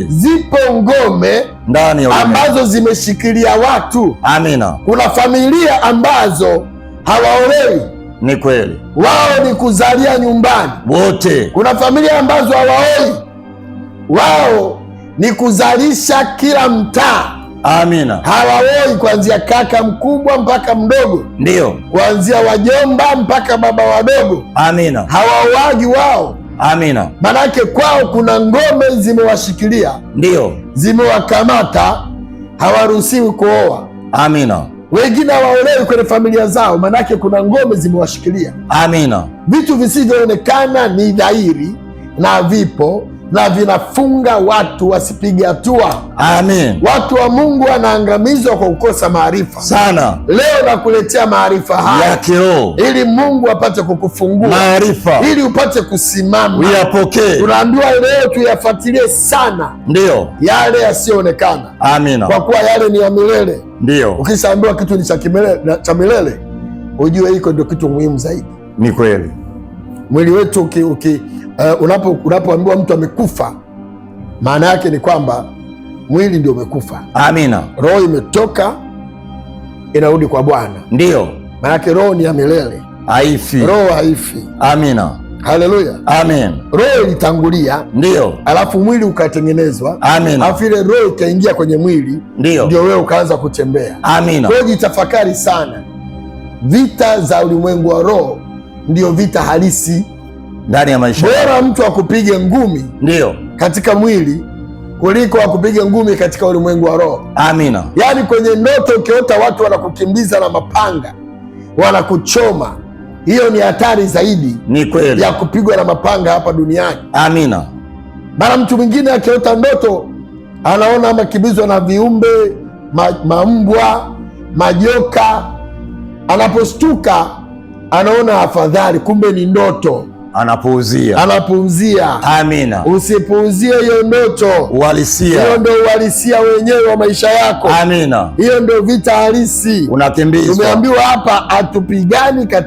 Zipo ngome ndani ambazo zimeshikilia watu. Amina. Kuna familia ambazo hawaolewi, ni kweli, wao ni kuzalia nyumbani wote. Kuna familia ambazo hawaoi, wao ni kuzalisha kila mtaa. Amina. Hawaoi, kuanzia kaka mkubwa mpaka mdogo, ndio kuanzia wajomba mpaka baba wadogo. Amina. Hawaoagi wao Amina. Manake kwao kuna ngome zimewashikilia, ndio zimewakamata, hawaruhusiwi kuoa. Amina. Wengine hawaolewi kwenye familia zao, manake kuna ngome zimewashikilia. Amina. Vitu visivyoonekana ni dhahiri na vipo na vinafunga watu wasipige hatua. Amen. Watu wa Mungu wanaangamizwa kwa kukosa maarifa sana. Leo nakuletea maarifa haya ya kiroho ili Mungu apate kukufungua maarifa, ili upate kusimama uyapokee. Tunaambiwa leo tuyafuatilie sana, ndio yale yasiyoonekana. Amina, kwa kuwa yale ni ya milele. Ndio ukishaambiwa kitu ni cha milele, ujue hiko ndio kitu muhimu zaidi. Ni kweli mwili wetu uki, uki uh, unapo unapoambiwa mtu amekufa, maana yake ni kwamba mwili ndio umekufa. Amina, roho imetoka inarudi kwa Bwana, ndio maana yake. Roho ni ya milele, haifi. Roho haifi. Amina. Haleluya, amen. Roho ilitangulia, ndio, alafu mwili ukatengenezwa, amen. Alafu ile roho ikaingia kwenye mwili, ndio, ndio wewe ukaanza kutembea. Amina. Kwa hiyo jitafakari sana, vita za ulimwengu wa roho ndio vita halisi ndani ya maisha. Bora mtu akupige ngumi ndio katika mwili kuliko akupige ngumi katika ulimwengu wa roho. Amina. Yaani kwenye ndoto ukiota watu wanakukimbiza na mapanga wanakuchoma, hiyo ni hatari zaidi, ni kweli, ya kupigwa na mapanga hapa duniani. Amina. Mara mtu mwingine akiota ndoto anaona amekimbizwa na viumbe ma, mambwa majoka, anapostuka anaona afadhali, kumbe ni ndoto anapuuzia, anapuuzia. Amina, usipuuzie hiyo ndoto uhalisia. Hiyo ndo uhalisia wenyewe wa maisha yako. Amina, hiyo ndo vita halisi. Unakimbizwa. umeambiwa hapa hatupigani katika